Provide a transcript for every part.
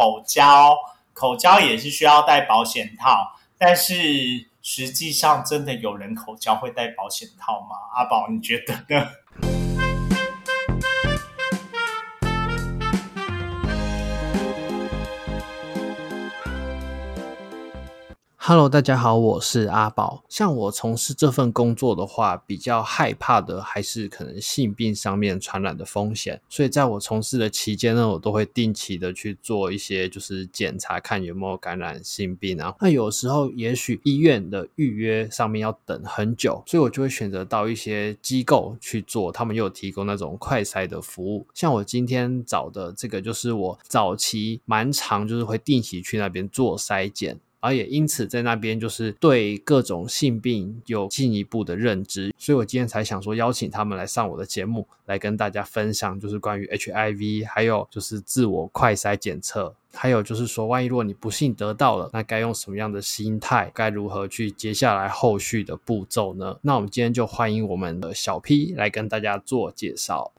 口交，口交也是需要戴保險套，但是實際上真的有人口交會戴保險套嗎？阿寶，你覺得呢？Hello，大家好，我是阿寶。像我從事這份工作的話，比較害怕的還是可能性病上面傳染的風險，所以在我從事的期間呢，我都會定期的去做一些就是檢查，看有沒有感染性病啊。那有時候也許醫院的預約上面要等很久，所以我就會選擇到一些機構去做，他們又有提供那種快篩的服務。像我今天找的這個，就是我早期蠻常，就是會定期去那邊做篩檢。而也因此在那邊就是對各種性病有進一步的認知，所以我今天才想說邀請他們來上我的節目，來跟大家分享就是關於 HIV，還有就是自我快篩檢測，還有就是說萬一如果你不幸得到了，那該用什麼樣的心態，該如何去接下來後續的步驟呢？那我們今天就歡迎我們的小 P 來跟大家做介紹。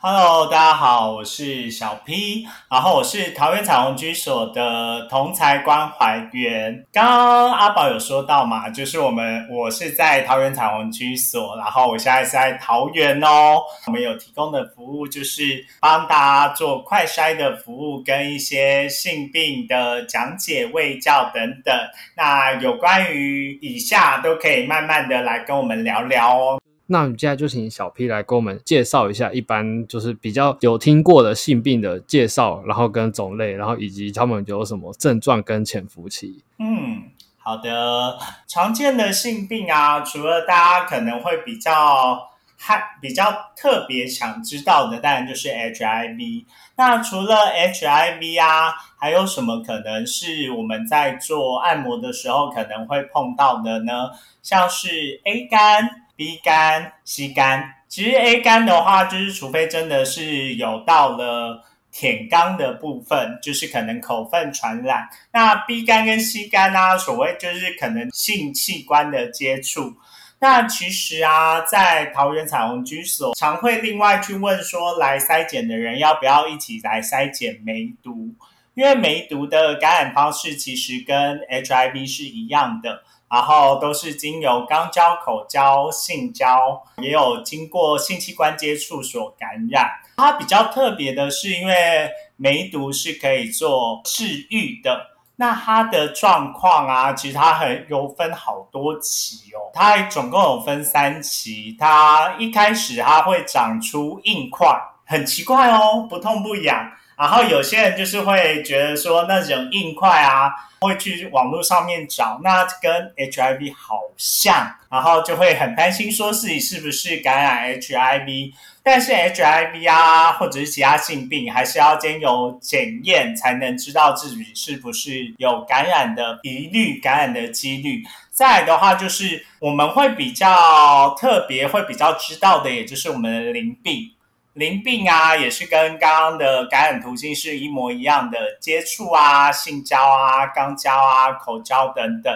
Hello，大家好，我是小 P，然後我是桃緣彩虹居所的同儕關懷員。剛剛阿寶有說到嘛，就是我們我是在桃緣彩虹居所，然後我現在是在桃園哦。我們有提供的服務就是幫大家做快篩的服務，跟一些性病的講解、衛教等等。那有關於以下都可以慢慢的來跟我們聊聊哦。那我們現在就請小 P 來給我們介紹一下，一般就是比較有聽過的性病的介紹，然後跟種類，然後以及他們有什麼症狀跟潛伏期。嗯，好的。常見的性病啊，除了大家可能會比較、還比較特別想知道的，當然就是 HIV。那除了 HIV 啊，還有什麼可能是我們在做按摩的時候可能會碰到的呢？像是 A 肝。B 肝、C 肝，其實 A 肝的話，就是除非真的是有到了舔肛的部分，就是可能口糞傳染。那 B 肝跟 C 肝呢、啊，所謂就是可能性器官的接觸。那其實啊，在桃緣彩虹居所，常會另外去問說，來篩檢的人要不要一起來篩檢梅毒。因為梅毒的感染方式其實跟 HIV 是一樣的，然後都是經由肛交、口交、性交，也有經過性器官接觸所感染。它比較特別的是，因為梅毒是可以做治癒的。那它的狀況啊，其實它很有分好多期哦，它還總共有分三期。它一開始它會長出硬塊，很奇怪哦，不痛不癢。然後有些人就是會覺得說那種硬塊啊，會去網絡上面找，那跟 HIV 好像，然後就會很擔心說自己是不是感染 HIV。但是 HIV 啊，或者是其他性病，還是要經由檢驗才能知道自己是不是有感染的疑慮、感染的幾率。再來的話，就是我們會比較特別、會比較知道的，也就是我們的淋病。淋病啊，也是跟剛剛的感染途徑是一模一樣的，接觸啊、性交啊、肛交啊、口交等等。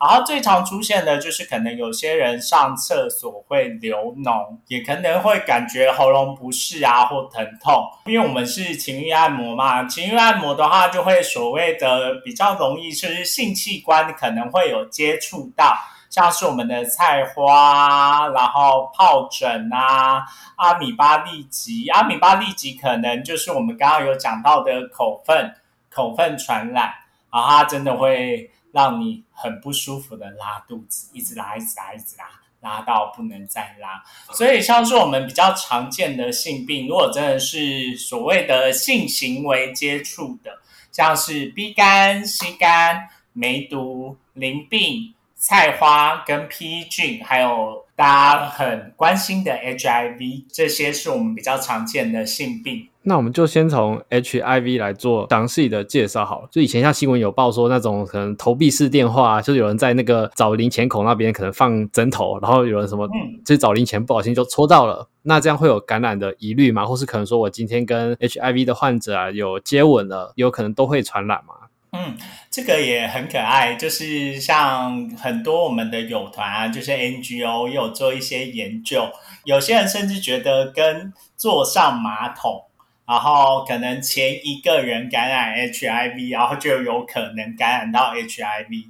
然後最常出現的就是，可能有些人上廁所會流膿，也可能會感覺喉嚨不適啊或疼痛。因為我們是情欲按摩嘛，情欲按摩的話，就會所謂的比較容易，就是性器官可能會有接觸到。像是我們的菜花，然後皰疹啊，阿米巴痢疾，阿米巴痢疾可能就是我們剛剛有講到的口糞口糞傳染，然後它真的會讓你很不舒服的拉肚子，一直拉一直拉一直拉，一直拉，拉到不能再拉。所以像是我們比較常見的性病，如果真的是所謂的性行為接觸的，像是 B 肝、C 肝、梅毒、淋病、菜花跟披衣菌，還有大家很關心的 H I V，這些是我們比較常見的性病。那我們就先從 H I V 來做詳細的介紹好了。就以前像新聞有報說那種可能投幣式電話啊，就有人在那個找零錢口那邊可能放針頭，然後有人什麼，就找零錢不小心就戳到了，嗯，那這樣會有感染的疑慮嗎？或是可能說我今天跟 H I V 的患者啊有接吻了，有可能都會傳染嗎？嗯，這個也很可愛，就是像很多我們的友團啊，就是 NGO 也有做一些研究，有些人甚至覺得跟坐上馬桶，然後可能前一個人感染 HIV，然後就有可能感染到 HIV。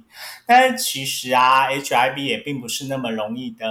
但是其實啊，HIV 也並不是那麼容易的，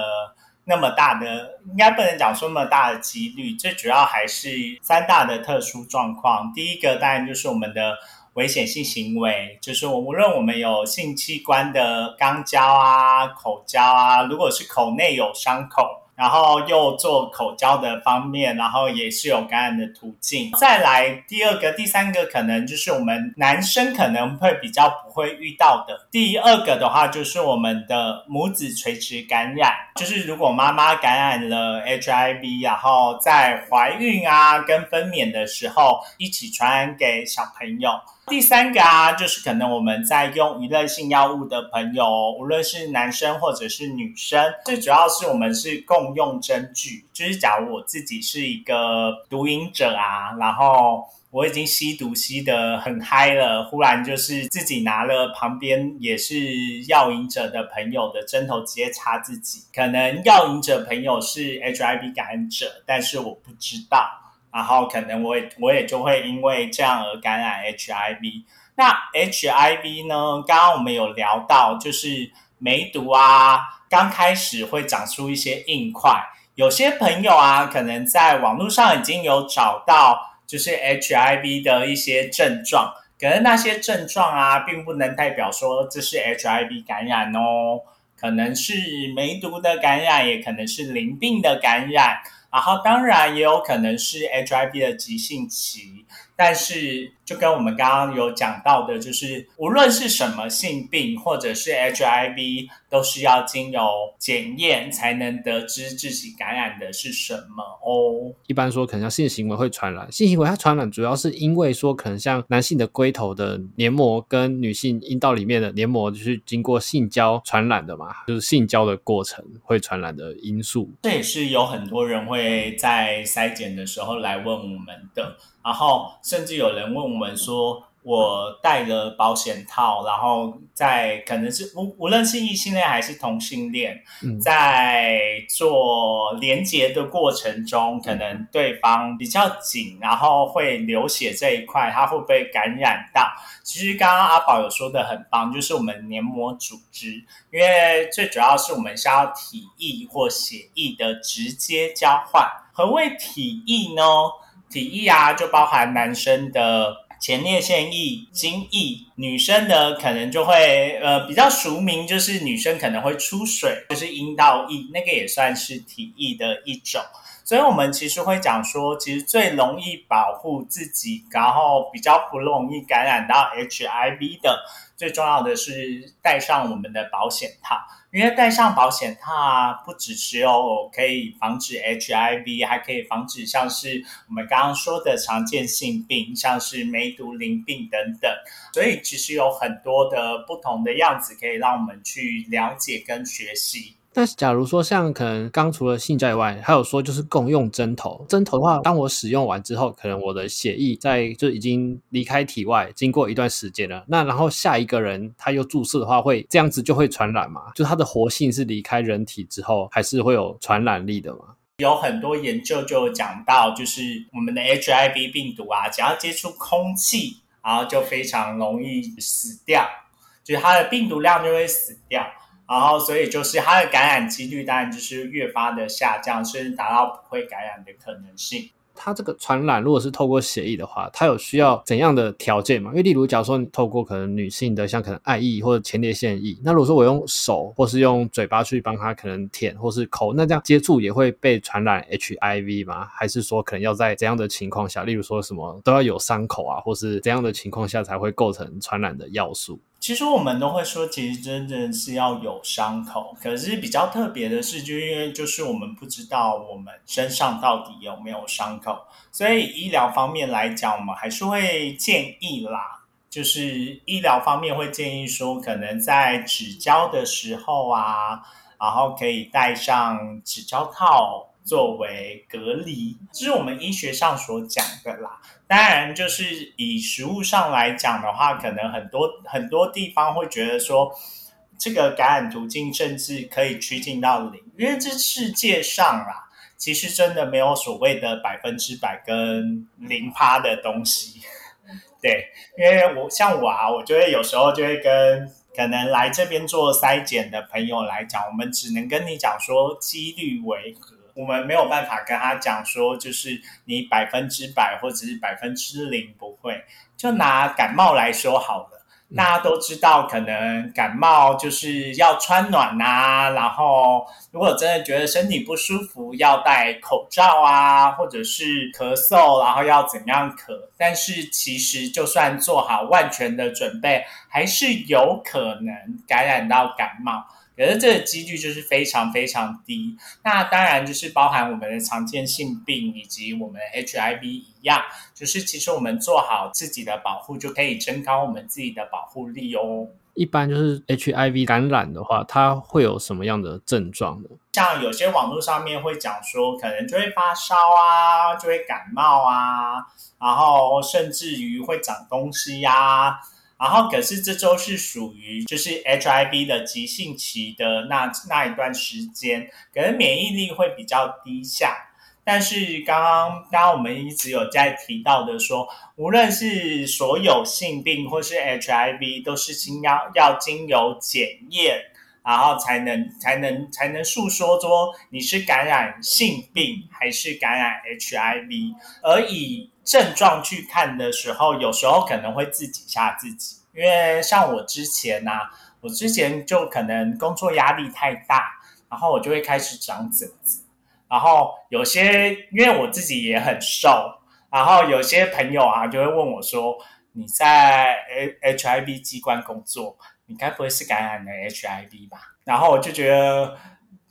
那麼大的，應該不能講說那麼大的幾率最主要還是三大的特殊狀況，第一個當然就是我們的。危險性行為就是我，無論我們有性器官的肛交啊、口交啊，如果是口內有傷口，然後又做口交的方面，然後也是有感染的途徑。再來第二個、第三個可能就是我們男生可能會比較不會遇到的。第二個的話就是我們的母子垂直感染，就是如果媽媽感染了 HIV，然後在懷孕啊跟分娩的時候一起傳染給小朋友。第三個啊，就是可能我們在用娛樂性藥物的朋友，無論是男生或者是女生，最主要是我們是共用針具。就是假如我自己是一個毒癮者啊，然後我已經吸毒吸得很嗨了，忽然就是自己拿了旁邊也是藥癮者的朋友的針頭，直接插自己。可能藥癮者朋友是 HIV 感染者，但是我不知道。然後可能我也我也就會因為這樣而感染 HIV。那 HIV 呢？剛剛我們有聊到，就是梅毒啊，剛開始會長出一些硬塊。有些朋友啊，可能在網絡上已經有找到就是 HIV 的一些症狀，可是那些症狀啊，並不能代表說這是 HIV 感染哦，可能是梅毒的感染，也可能是淋病的感染。然後，當然也有可能是 HIV 的急性期，但是。就跟我們剛剛有講到的，就是無論是什麼性病或者是 HIV，都需要經由檢驗才能得知自己感染的是什麼哦。一般說可能像性行為會傳染，性行為它傳染主要是因為說可能像男性的龜頭的黏膜跟女性陰道裡面的黏膜就是經過性交傳染的嘛，就是性交的過程會傳染的因素。這也是有很多人會在篩檢的時候來問我們的，然後甚至有人問我。我們說，我戴了保險套，然後在可能是無無論是異性戀還是同性戀，嗯、在做連接的過程中，可能對方比較緊，然後會流血這一塊，他會不會感染到？其實剛剛阿寶有說的很棒，就是我們黏膜組織，因為最主要是我們需要體液或血液的直接交換。何謂體液呢？體液啊，就包含男生的，前列腺液、精液，女生呢，可能就會，呃，比較俗名就是女生可能會出水，就是陰道液，那個也算是體液的一種。所以我們其實會講說，其實最容易保護自己，然後比較不容易感染到 HIV 的。最重要的是戴上我們的保險套，因為戴上保險套啊，不只是喔，可以防止 HIV，還可以防止像是我們剛剛說的常見性病，像是梅毒、淋病等等。所以其實有很多的不同的樣子可以讓我們去了解跟學習。但是假如說像可能剛除了性之外，還有說就是共用針頭針頭的話，當我使用完之後，可能我的血液在就已經離開體外，經過一段時間了。那然後下一個人他又注射的話，會這樣子就會傳染嘛？就他的活性是離開人體之後，還是會有傳染力的嗎？有很多研究就講到，就是我們的 HIV 病毒啊，只要接觸空氣，然後就非常容易死掉，就是它的病毒量就會死掉。然後，所以就是它的感染幾率當然就是越發的下降，甚至達到不會感染的可能性。它這個傳染如果是透過血液的話，它有需要怎樣的條件嘛？因為例如，假如說透過可能女性的像可能愛液或者前列腺液。那如果說我用手或是用嘴巴去幫她可能舔或是摳，那這樣接觸也會被傳染 HIV 嗎？還是說可能要在怎樣的情況下，例如說什麼都要有傷口啊，或是怎樣的情況下才會構成傳染的要素？其實我們都會說，其實真正是要有傷口。可是比較特別的是，就因為就是我們不知道我們身上到底有沒有傷口，所以醫療方面來講，我們還是會建議啦，就是醫療方面會建議說，可能在指交的時候啊，然後可以戴上指交套。作為隔離，這是我們醫學上所講的啦。當然，就是以實務上來講的話，可能很多很多地方會覺得說，這個感染途徑甚至可以趨近到零，因為這世界上啦，其實真的沒有所謂的百分之百跟零趴的東西。對，因為我像我啊，我就會有時候就會跟可能來這邊做篩檢的朋友來講，我們只能跟你講說幾率為何。我們沒有辦法跟他講說，就是你百分之百或者是百分之零不會。就拿感冒來說好了，大家都知道，可能感冒就是要穿暖啊，然後如果真的覺得身體不舒服，要戴口罩啊，或者是咳嗽，然後要怎樣咳。但是其實就算做好萬全的準備，還是有可能感染到感冒。可是這個幾率就是非常非常低，那當然就是包含我們的常見性病以及我們的 HIV 一樣，就是其實我們做好自己的保護，就可以增高我們自己的保護力哦。一般就是 HIV 感染的話，它會有什麼樣的症狀呢？像有些網絡上面會講說，可能就會發燒啊，就會感冒啊，然後甚至於會長東西呀、啊。然後，可是這周是屬於就是 HIV 的急性期的那那一段時間，可能免疫力會比較低下。但是剛剛剛剛我們一直有在提到的說，無論是所有性病或是 HIV，都是經要要經由檢驗。然後才能才能才能訴說說你是感染性病還是感染 HIV。而以症狀去看的時候，有時候可能會自己嚇自己，因為像我之前啊，我之前就可能工作壓力太大，然後我就會開始長疹子，然後有些因為我自己也很瘦，然後有些朋友啊就會問我說，你在 H HIV 機關工作，你該不會是感染了 HIV 吧？然後我就覺得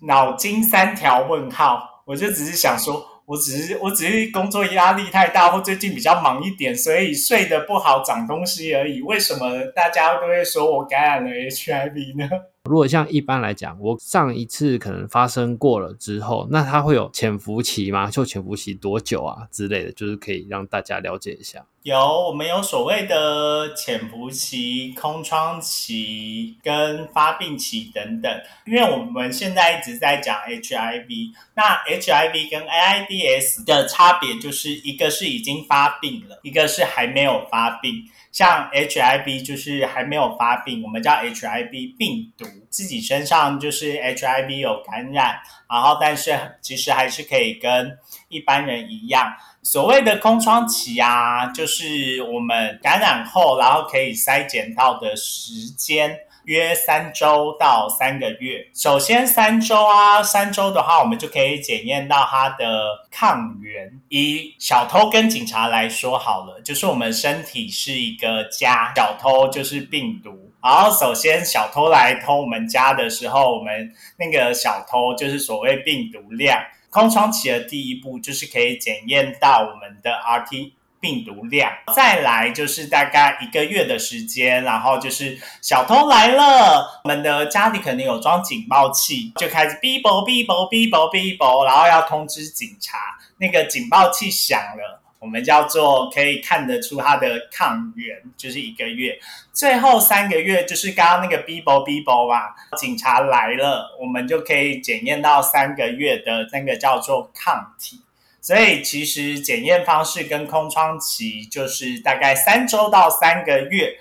腦筋三條問號，我就只是想說，我只是我只是工作壓力太大，或最近比較忙一點，所以睡得不好長東西而已。為什麼大家都會說我感染了 HIV 呢？如果像一般來講，我上一次可能發生過了之後，那它會有潛伏期嗎？就潛伏期多久啊之類的，就是可以讓大家了解一下。有，我們有所謂的潛伏期、空窗期跟發病期等等。因為我們現在一直在講 HIV，那 HIV 跟 AIDS 的差別就是一個是已經發病了，一個是還沒有發病。像 HIV 就是還沒有發病，我們叫 HIV 病毒。自己身上就是 HIV 有感染，然後但是其實還是可以跟一般人一樣。所謂的空窗期啊，就是我們感染後，然後可以篩檢到的時間。約三周到三個月。首先，三周啊，三周的話，我們就可以檢驗到它的抗原。以小偷跟警察來說好了，就是我們身體是一個家，小偷就是病毒。然後，首先小偷來偷我們家的時候，我們那個小偷就是所謂病毒量。空窗期的第一步就是可以檢驗到我們的 RT。病毒量，再來就是大概一個月的時間，然後就是小偷來了，我們的家裡可能有裝警報器，就開始嗶啵嗶啵嗶啵嗶啵，然後要通知警察，那個警報器響了，我們叫做可以看得出它的抗原，就是一個月，最後三個月就是剛剛那個嗶啵嗶啵啊，警察來了，我們就可以檢驗到三個月的那個叫做抗體。所以其實檢驗方式跟空窗期就是大概三周到三個月。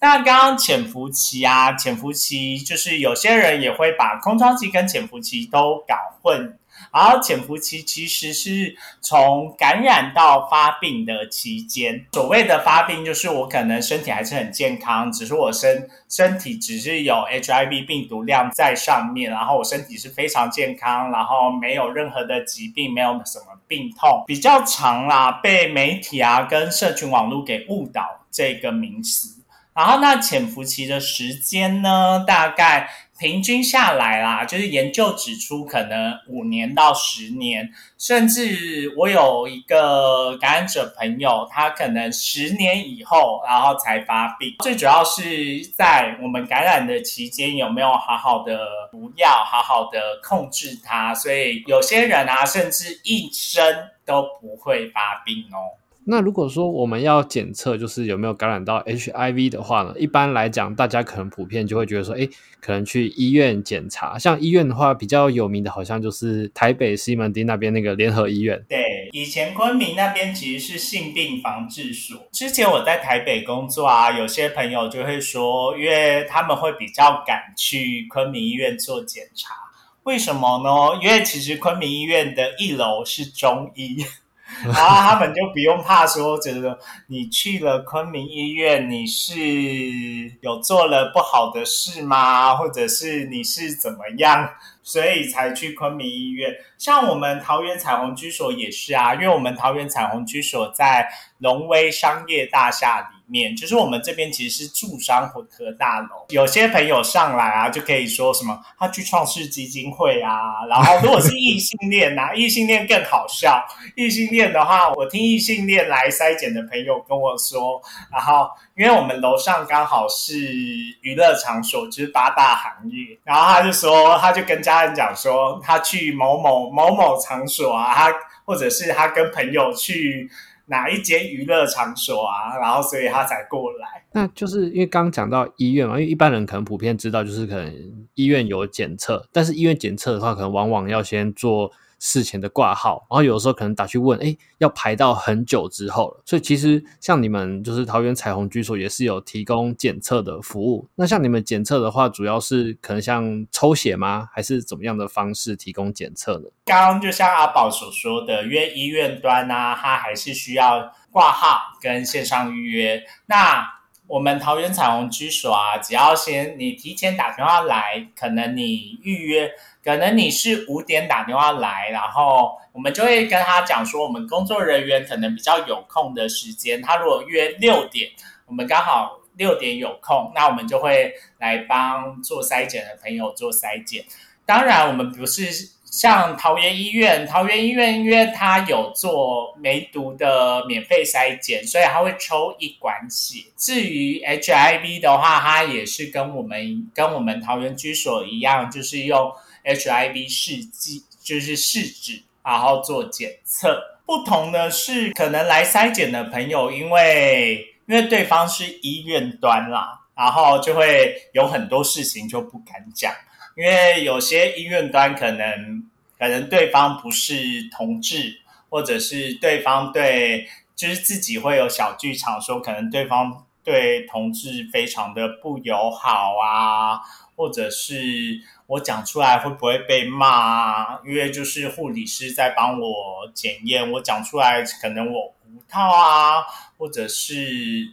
那剛剛潛伏期啊，潛伏期就是有些人也會把空窗期跟潛伏期都搞混。然後潛伏期其實是從感染到發病的期間。所謂的發病就是我可能身體還是很健康，只是我身，身體只是有 HIV 病毒量在上面，然後我身體是非常健康，然後沒有任何的疾病，沒有什麼。病痛比較長啦，被媒體啊、跟社群網絡給誤導這個名詞，然後那潛伏期的時間呢，大概。平均下來啦，就是研究指出，可能五年到十年，甚至我有一個感染者朋友，他可能十年以後然後才發病。最主要是在我們感染的期間，有沒有好好的服藥，好好的控制它，所以有些人啊，甚至一生都不會發病哦。那如果說我們要檢測，就是有沒有感染到 HIV 的話呢？一般來講，大家可能普遍就會覺得說，哎、欸，可能去醫院檢查。像醫院的話，比較有名的，好像就是台北西門町那邊那個聯合醫院。對，以前昆明那邊其實是性病防治所。之前我在台北工作啊，有些朋友就會說，因為他們會比較敢去昆明醫院做檢查。為什麼呢？因為其實昆明醫院的一樓是中醫。 然後他們就不用怕，說，覺得你去了昆明醫院，你是有做了不好的事嗎？或者是你是怎麼樣，所以才去昆明醫院？像我們桃緣彩虹居所也是啊，因為我們桃緣彩虹居所在龍威商業大廈裡。面就是我們這邊其實是住商混合大樓，有些朋友上來啊就可以說什麼他去創世基金會啊，然後、啊、如果是異性戀啊， 異性戀更好笑，異性戀的話，我聽異性戀來篩檢的朋友跟我說，然後因為我們樓上剛好是娛樂場所，就是八大行業，然後他就說他就跟家人講說他去某某某某場所啊，他或者是他跟朋友去。哪一間娛樂場所啊？然後所以他才過來。那就是因為剛講到醫院嘛，因為一般人可能普遍知道，就是可能醫院有檢測，但是醫院檢測的話，可能往往要先做。事前的掛號，然後有時候可能打去問，哎、欸，要排到很久之後了。所以其實像你們就是桃緣彩虹居所也是有提供檢測的服務。那像你們檢測的話，主要是可能像抽血嗎？還是怎麼樣的方式提供檢測呢？剛剛就像阿寶所說的，約醫院端啊，他還是需要掛號跟線上預約。那我們桃緣彩虹居所啊，只要先你提前打電話來，可能你預約。可能你是五點打電話來，然後我們就會跟他講說，我們工作人員可能比較有空的時間。他如果約六點，我們剛好六點有空，那我們就會來幫做篩檢的朋友做篩檢。當然，我們不是像桃園醫院，桃園醫院因為它有做梅毒的免費篩檢，所以他會抽一管血。至於 HIV 的話，它也是跟我們跟我們桃緣居所一樣，就是用。HIV 試劑就是試紙，然後做檢測。不同的是，可能來篩檢的朋友，因為因為對方是醫院端啦，然後就會有很多事情就不敢講，因為有些醫院端可能可能對方不是同志，或者是對方對就是自己會有小劇場，說可能對方對同志非常的不友好啊。或者是我講出來會不會被罵啊？因為就是護理師在幫我檢驗，我講出來可能我無套啊，或者是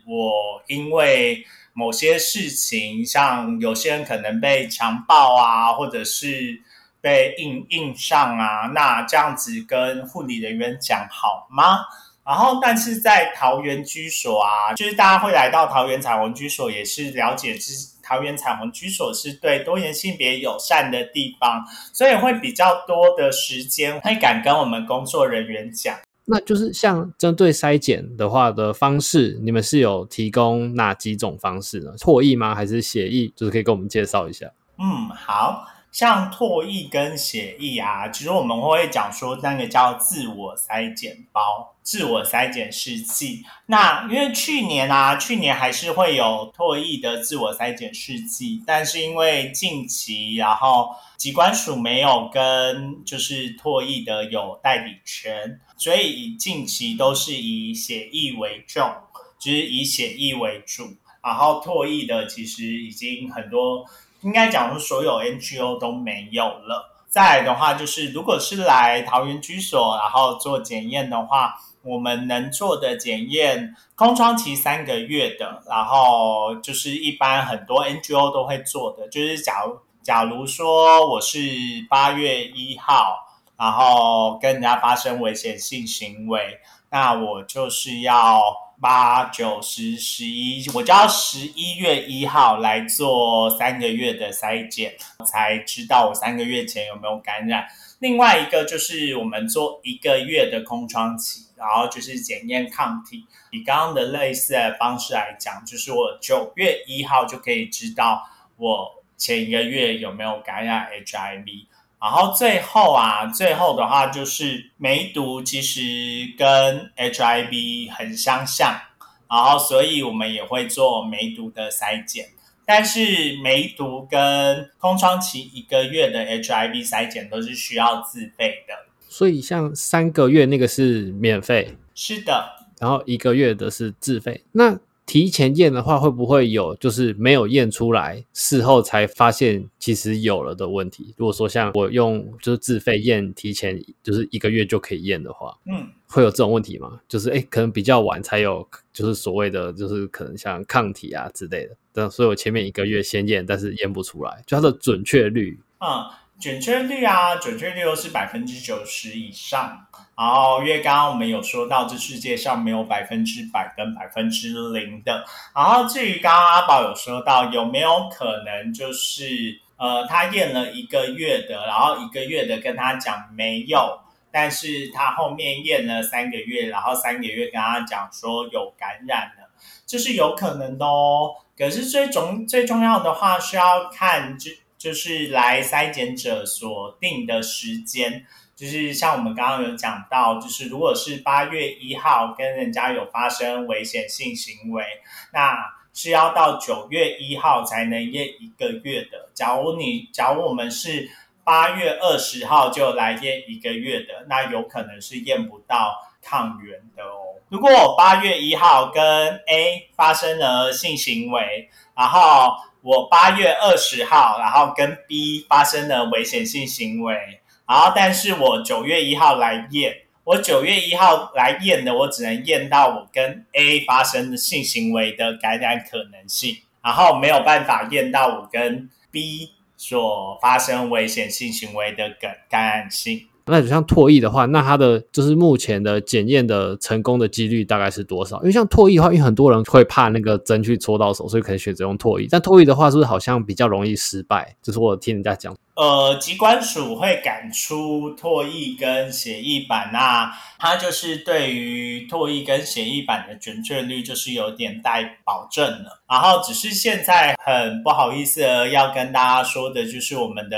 我因為某些事情，像有些人可能被強暴啊，或者是被硬硬上啊，那這樣子跟護理人員講好嗎？然後，但是在桃緣居所啊，就是大家會來到桃緣彩虹居所，也是了解之。桃緣彩虹居所是對多元性別友善的地方，所以會比較多的時間會敢跟我們工作人員講。那就是像針對篩檢的話的方式，你們是有提供哪幾種方式呢？唾液嗎？還是血液？就是可以跟我們介紹一下。嗯，好。像唾液跟血液啊，其實我們會講說那個叫自我篩檢包、自我篩檢試劑。那因為去年啊，去年還是會有唾液的自我篩檢試劑，但是因為近期然後疾管署沒有跟就是唾液的有代理權，所以近期都是以血液為重，就是以血液為主，然後唾液的其實已經很多。應該講說所有 NGO 都沒有了。再來的話就是，如果是來桃緣居所，然後做檢驗的話，我們能做的檢驗空窗期三個月的，然後就是一般很多 NGO 都會做的，就是假如假如說我是八月一號，然後跟人家發生危險性行為，那我就是要。八九十十一，8, 9, 10, 11，我就要十一月一號來做三個月的篩檢，才知道我三個月前有沒有感染。另外一個就是我們做一個月的空窗期，然後就是檢驗抗體。以剛剛的類似的方式來講，就是我九月一號就可以知道我前一個月有沒有感染 HIV。然後最後啊，最後的話就是梅毒其實跟 HIV 很相像，然後所以我們也會做梅毒的篩檢，但是梅毒跟空窗期一個月的 HIV 篩檢都是需要自費的。所以像三個月那個是免費，是的，然後一個月的是自費。那。提前驗的話，會不會有就是沒有驗出來，事後才發現其實有了的問題？如果說像我用就是自費驗，提前就是一個月就可以驗的話，嗯，會有這種問題嗎？就是哎、欸，可能比較晚才有，就是所謂的就是可能像抗體啊之類的，但所以我前面一個月先驗，但是驗不出來，就它的準確率，嗯，準確率啊，準確率啊，準確率是百分之九十以上。然後，因為剛剛我們有說到，這世界上沒有百分之百跟百分之零的。然後，至於剛剛阿寶有說到，有沒有可能就是，呃，他驗了一個月的，然後一個月的跟他講沒有，但是他後面驗了三個月，然後三個月跟他講說有感染了，這、就是有可能的哦。可是最重最重要的話是要看，就就是來篩檢者所定的時間。就是像我們剛剛有講到，就是如果是八月一號跟人家有發生危險性行為，那是要到九月一號才能驗一個月的。假如你，假如我們是八月二十號就來驗一個月的，那有可能是驗不到抗原的哦。如果我八月一號跟 A 發生了性行為，然後我八月二十號然後跟 B 發生了危險性行為。好，但是我九月一號來驗，我九月一號來驗的，我只能驗到我跟 A 發生的性行為的感染可能性，然後沒有辦法驗到我跟 B 所發生危險性行為的感感染性。那就像唾液的話，那它的就是目前的檢驗的成功的幾率大概是多少？因為像唾液的話，因為很多人會怕那個針去戳到手，所以可能選擇用唾液。但唾液的話，是不是好像比較容易失敗？就是我聽人家講，呃，疾管署會趕出唾液跟血液版那、啊、它就是對於唾液跟血液版的準確率就是有點待保證的。然後只是現在很不好意思而要跟大家說的就是我們的。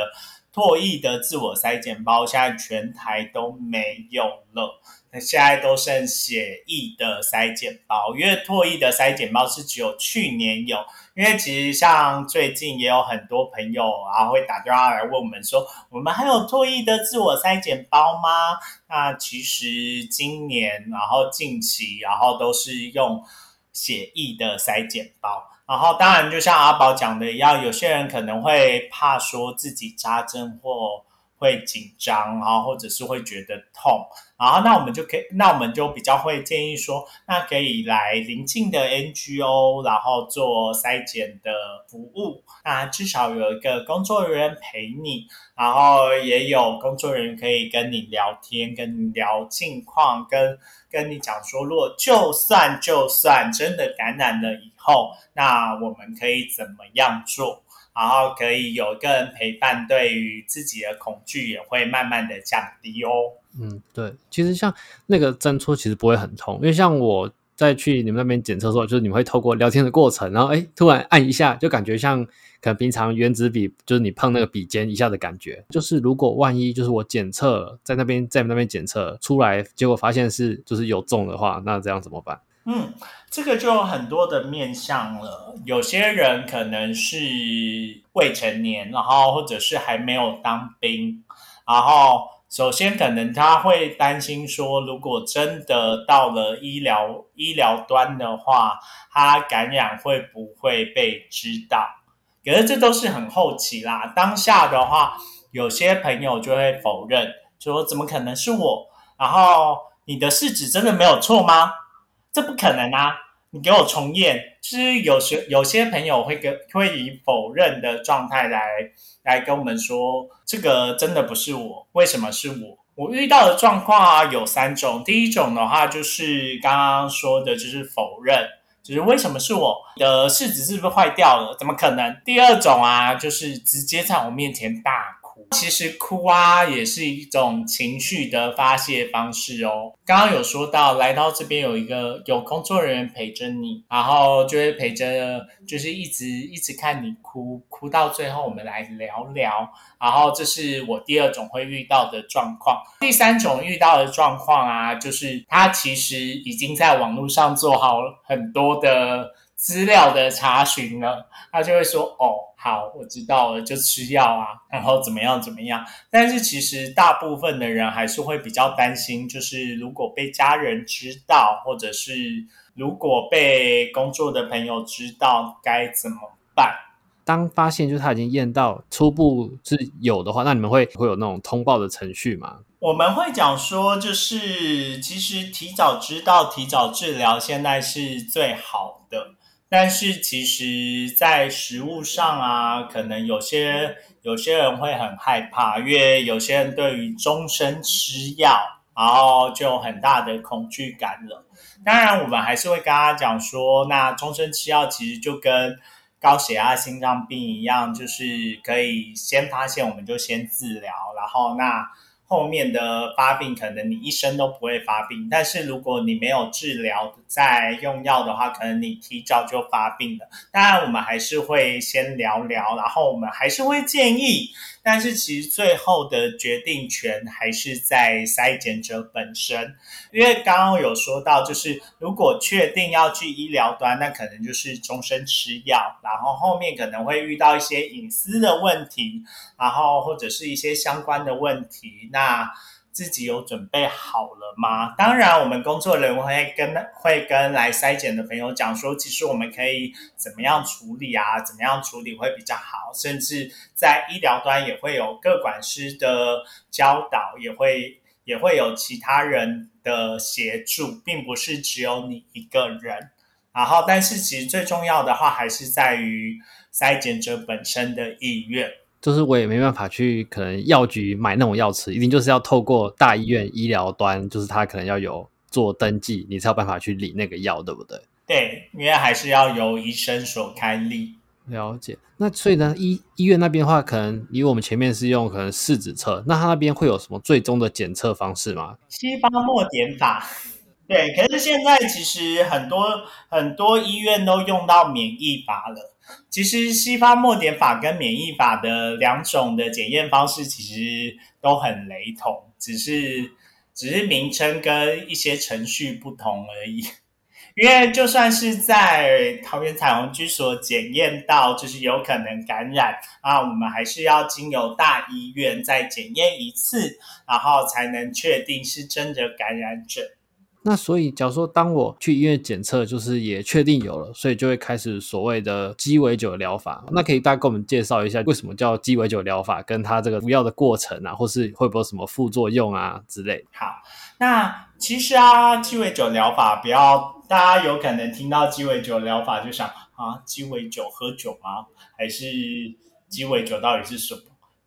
唾液的自我篩檢包現在全台都沒有了，那現在都剩血液的篩檢包，因為唾液的篩檢包是只有去年有，因為其實像最近也有很多朋友啊，啊會打電話來問我們說，我們還有唾液的自我篩檢包嗎？那其實今年然後近期然後都是用血液的篩檢包。然後，當然，就像阿寶講的一樣，有些人可能會怕說自己扎針或會緊張啊，或者是會覺得痛。然後，那我們就可以，那我們就比較會建議說，那可以來臨近的 NGO，然後做篩檢的服務。那至少有一個工作人員陪你，然後也有工作人員可以跟你聊天，跟你聊近況，跟跟你講說，如果就算就算真的感染了。後，那我們可以怎麼樣做？然後可以有個人陪伴，對於自己的恐懼也會慢慢的降低哦。嗯，對，其實像那個針戳，其實不會很痛，因為像我在去你們那邊檢測的時候，就是你們會透過聊天的過程，然後哎、欸，突然按一下，就感覺像可能平常原子筆，就是你碰那個筆尖一下的感覺。就是如果萬一就是我檢測在那邊在那邊檢測出來，結果發現是就是有中的話，那這樣怎麼辦？嗯，這個就有很多的面向了。有些人可能是未成年，然後或者是還沒有當兵，然後首先可能他會擔心說，如果真的到了醫療醫療端的話，他感染會不會被知道？可是這都是很後期啦。當下的話，有些朋友就會否認，說怎麼可能是我？然後你的試紙真的沒有錯嗎？這不可能啊！你給我重驗。就是有時有些朋友會跟會以否認的狀態來來跟我們說，這個真的不是我，為什麼是我？我遇到的狀況啊有三種。第一種的話就是剛剛說的，就是否認，就是為什麼是我的試紙是不是壞掉了？怎麼可能？第二種啊，就是直接在我面前打。其實哭啊也是一種情緒的發泄方式哦。剛剛有說到來到這邊有一個有工作人員陪着你，然後就會陪着，就是一直一直看你哭，哭到最後我們來聊聊。然後這是我第二種會遇到的狀況。第三種遇到的狀況啊，就是他其實已經在網絡上做好很多的資料的查詢了，他就會說哦。好，我知道了，就吃藥啊，然後怎麼樣怎麼樣？但是其實大部分的人還是會比較擔心，就是如果被家人知道，或者是如果被工作的朋友知道該怎麼辦？當發現就是他已經驗到初步是有的話，那你們會會有那種通報的程序嗎？我們會講說，就是其實提早知道、提早治療，現在是最好的。但是其實，在實務上啊，可能有些有些人會很害怕，因為有些人對於終身吃藥，然後就有很大的恐懼感了。當然，我們還是會跟他講說，那終身吃藥其實就跟高血壓、心臟病一樣，就是可以先發現，我們就先治療，然後那。後面的發病可能你一生都不會發病，但是如果你沒有治療再用藥的話，可能你提早就發病了。當然，我們還是會先聊聊，然後我們還是會建議。但是其實最後的決定權還是在篩檢者本身，因為剛剛有說到，就是如果確定要去醫療端，那可能就是終身吃藥，然後後面可能會遇到一些隱私的問題，然後或者是一些相關的問題，那。自己有準備好了嗎？當然，我們工作人員會跟會跟來篩檢的朋友講說，其實我們可以怎麼樣處理啊？怎麼樣處理會比較好？甚至在醫療端也會有個管師的教導，也會也會有其他人的協助，並不是只有你一個人。然後，但是其實最重要的話還是在於篩檢者本身的意願。就是我也沒辦法去可能藥局買那種藥吃，一定就是要透過大醫院醫療端，就是他可能要有做登記，你才有辦法去領那個藥，對不對？對，因為還是要由醫生所開立。了解，那所以呢，醫醫院那邊的話，可能因為我們前面是用可能試紙測，那他那邊會有什麼最終的檢測方式嗎？西方墨點法。對，可是現在其實很多很多醫院都用到免疫法了。其實西方墨點法跟免疫法的兩種的檢驗方式其實都很雷同，只是只是名稱跟一些程序不同而已。因為就算是在桃緣彩虹居所檢驗到就是有可能感染啊，我們還是要經由大醫院再檢驗一次，然後才能確定是真的感染者。那所以，假如說當我去醫院檢測，就是也確定有了，所以就會開始所謂的雞尾酒療法。那可以大概給我們介紹一下，為什麼叫雞尾酒療法，跟它這個服藥的過程啊，或是會不會有什麼副作用啊之類？好，那其實啊，雞尾酒療法不要大家有可能聽到雞尾酒療法就想啊，雞尾酒喝酒嗎？還是雞尾酒到底是什麼？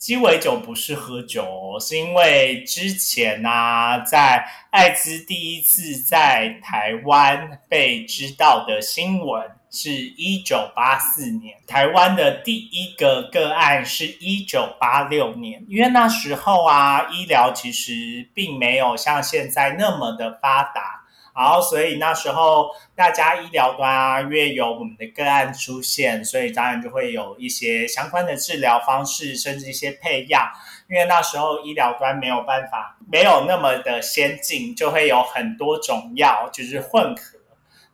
雞尾酒不是喝酒哦，是因為之前啊，在艾滋第一次在台灣被知道的新聞是一九八四年，台灣的第一個個案是一九八六年，因為那時候啊，醫療其實並沒有像現在那麼的發達。好，所以那時候大家醫療端啊，越有我們的個案出現，所以當然就會有一些相關的治療方式，甚至一些配藥。因為那時候醫療端沒有辦法，沒有那麼的先進，就會有很多種藥，就是混合，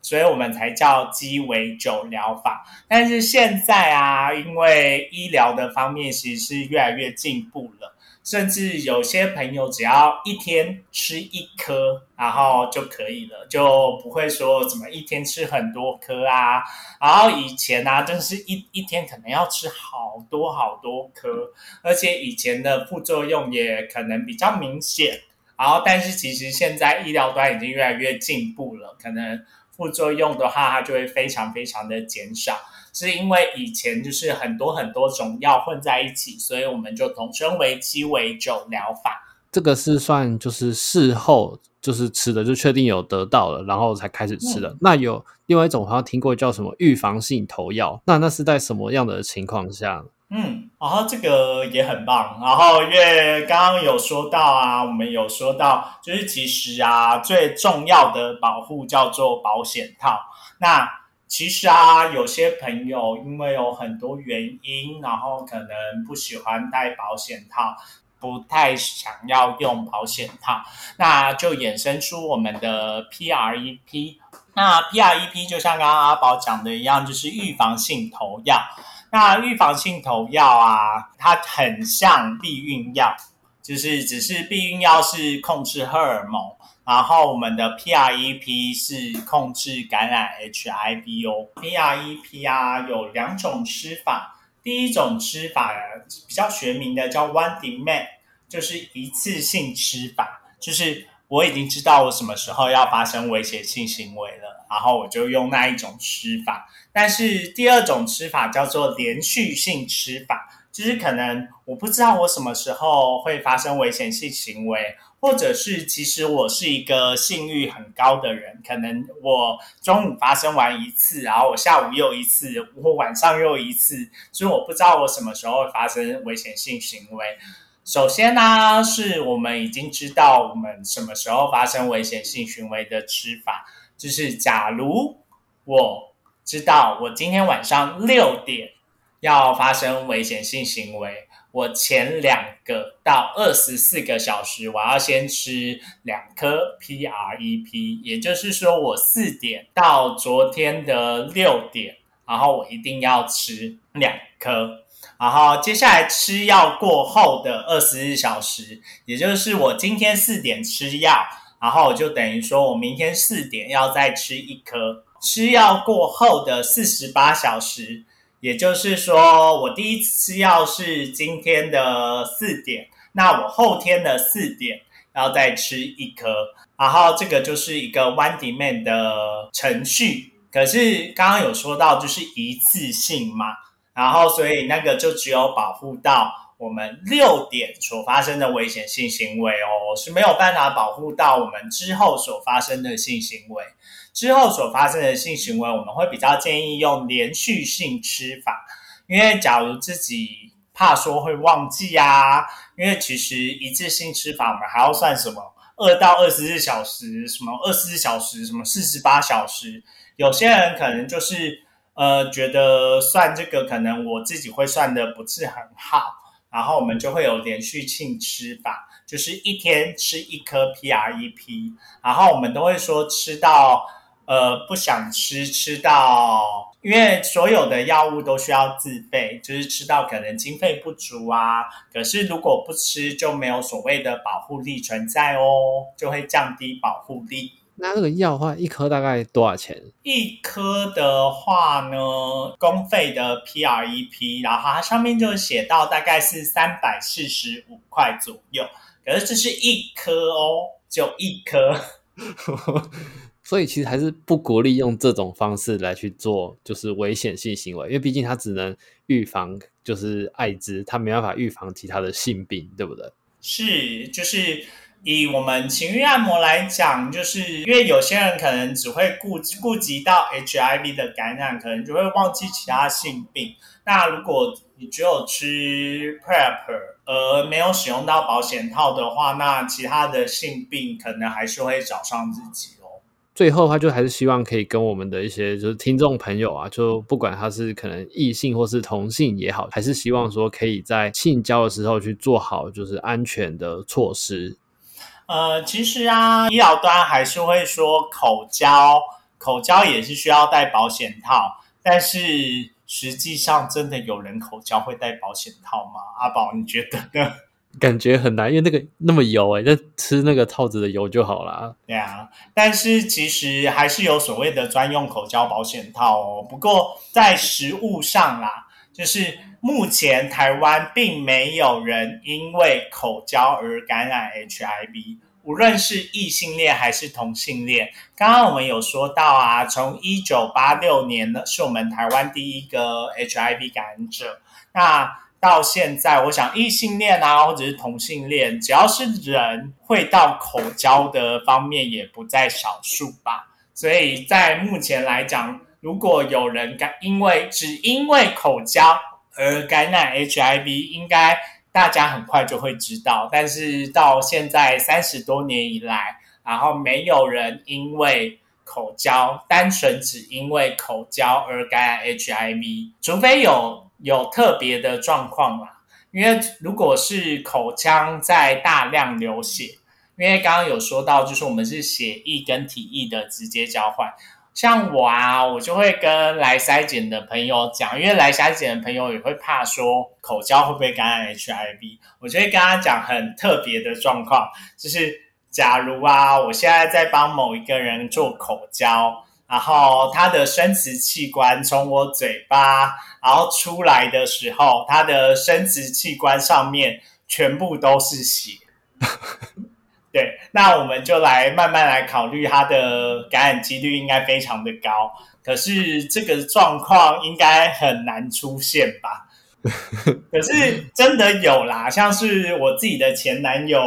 所以我們才叫雞尾酒療法。但是現在啊，因為醫療的方面其實是越來越進步了。甚至有些朋友只要一天吃一顆，然後就可以了，就不會說怎麼一天吃很多顆啊。然後以前呢、啊，真、就是一一天可能要吃好多好多顆，而且以前的副作用也可能比較明顯。然後，但是其實現在醫療端已經越來越進步了，可能副作用的話，它就會非常非常的減少。是因為以前就是很多很多種藥混在一起，所以我們就統稱為雞尾酒療法。這個是算就是事後就是吃的就確定有得到了，然後才開始吃的。嗯、那有另外一種好像聽過叫什麼預防性投藥，那那是在什麼樣的情況下？嗯，哦、然後這個也很棒。然後因為剛剛有說到啊，我們有說到就是其實啊最重要的保護叫做保險套。那其實啊，有些朋友因為有很多原因，然後可能不喜歡戴保險套，不太想要用保險套，那就衍生出我們的 PREP。那 PREP 就像剛剛阿寶講的一樣，就是預防性投藥。那預防性投藥啊，它很像避孕藥，就是只是避孕藥是控制荷爾蒙。然後我們的 P R E P 是控制感染 H I V 哦，P R E P 啊有兩種吃法，第一種吃法比較學名的叫 One d h y m e man 就是一次性吃法，就是我已經知道我什麼時候要發生危險性行為了，然後我就用那一種吃法。但是第二種吃法叫做連續性吃法。就是可能我不知道我什麼時候會發生危險性行為，或者是其實我是一個性慾很高的人，可能我中午發生完一次，然後我下午又一次，我晚上又一次，所以我不知道我什麼時候發生危險性行為。首先呢，啊，是我們已經知道我們什麼時候發生危險性行為的吃法，就是假如我知道我今天晚上六點要發生危險性行為，我前兩個到二十四個小時，我要先吃兩顆 P R E P，也就是說，我四點到昨天的六點，然後我一定要吃兩顆。然後接下來吃藥過後的二十四小時，也就是我今天四點吃藥，然後我就等於說我明天四點要再吃一顆。吃藥過後的四十八小時。也就是說，我第一次吃藥是今天的四點，那我後天的四點要再吃一顆，然後這個就是一個 on demand 的程序。可是剛剛有說到，就是一次性嘛，然後所以那個就只有保護到我們六點所發生的危險性行為哦，是沒有辦法保護到我們之後所發生的性行為。之後所發生的性行為，我們會比較建議用連續性吃法，因為假如自己怕說會忘記啊，因為其實一次性吃法我們還要算什麼二到二十四小時，什麼二十四小時，什麼四十八小時，有些人可能就是呃覺得算這個可能我自己會算得不是很好，然後我們就會有連續性吃法，就是一天吃一顆 PREP，然後我們都會說吃到。呃，不想吃吃到，因為所有的藥物都需要自費，就是吃到可能經費不足啊。可是如果不吃，就沒有所謂的保護力存在哦，就會降低保護力。那那個藥的話，一顆大概多少錢？一顆的話呢，公費的 PREP，然後它上面就寫到大概是三百四十五塊左右，可是這是一顆哦，就一顆。 所以其實還是不鼓勵用這種方式來去做，就是危險性行為，因為畢竟它只能預防就是艾滋它沒辦法預防其他的性病，對不對？是，就是以我們情慾按摩來講，就是因為有些人可能只會顧顧及、及到 HIV 的感染，可能就會忘記其他性病。那如果你只有吃 Prep 而沒有使用到保險套的話，那其他的性病可能還是會找上自己。最後，他就還是希望可以跟我們的一些就是聽眾朋友啊，就不管他是可能異性或是同性也好，還是希望說可以在性交的時候去做好就是安全的措施。呃，其實啊，醫療端還是會說口交，口交也是需要戴保險套，但是實際上真的有人口交會戴保險套嗎？阿寶，你覺得呢？感覺很難，因為那個那麼油哎、欸，那吃那個套子的油就好啦。對啊，但是其實還是有所謂的專用口交保險套哦。不過在實務上啦，就是目前台灣並沒有人因為口交而感染 HIV，無論是異性戀還是同性戀。剛剛我們有說到啊，從一九八六年呢，是我們台灣第一個 HIV 感染者，那。到現在，我想異性戀啊，或者是同性戀，只要是人會到口交的方面，也不在少數吧。所以在目前來講，如果有人因為只因為口交而感染 HIV，應該大家很快就會知道。但是到現在三十多年以來，然後沒有人因為口交，單純只因為口交而感染 HIV，除非有。有特別的狀況啦，因為如果是口腔在大量流血，因為剛剛有說到，就是我們是血液跟體液的直接交換。像我啊，我就會跟來篩檢的朋友講，因為來篩檢的朋友也會怕說口交會不會感染 HIV，我就會跟他講很特別的狀況，就是假如啊，我現在在幫某一個人做口交。然後他的生殖器官從我嘴巴然後出來的時候，他的生殖器官上面全部都是血。 對，那我們就來慢慢來考慮，他的感染幾率應該非常的高。可是這個狀況應該很難出現吧？ 可是真的有啦，像是我自己的前男友，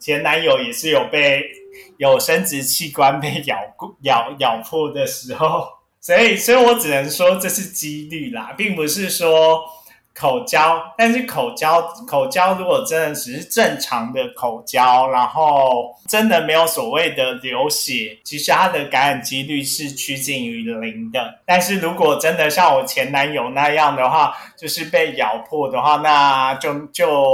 前男友也是有被。有生殖器官被咬過、咬咬破的時候，所以，所以我只能說這是幾率啦，並不是說口交。但是口交，口交如果真的只是正常的口交，然後真的沒有所謂的流血，其實它的感染幾率是趨近於零的。但是如果真的像我前男友那樣的話，就是被咬破的話，那就就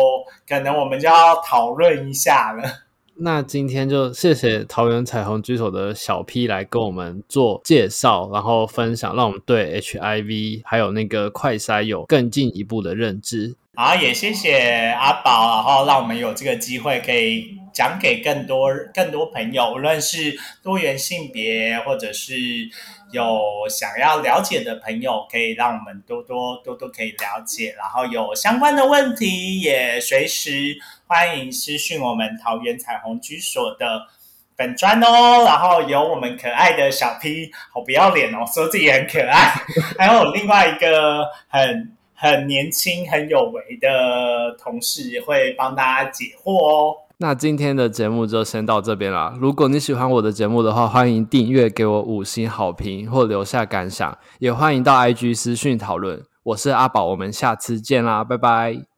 可能我們就要討論一下了。那今天就謝謝桃緣彩虹居所的小 P 來跟我們做介紹，然後分享，讓我們對 HIV 還有那個快篩有更進一步的認知。好，也謝謝阿寶，然後讓我們有這個機會可以講給更多更多朋友，無論是多元性別或者是有想要了解的朋友，可以讓我們多多多多可以了解，然後有相關的問題也隨時歡迎私訊我們桃緣彩虹居所的粉專哦，然後有我們可愛的小 P，好不要臉哦，說自己也很可愛， 還有另外一個很。很年輕、很有為的同事也會幫大家解惑哦。那今天的節目就先到這邊啦。如果你喜歡我的節目的話，歡迎訂閱、給我五星好評或留下感想，也歡迎到 IG 私訊討論。我是阿寶，我們下次見啦，拜拜。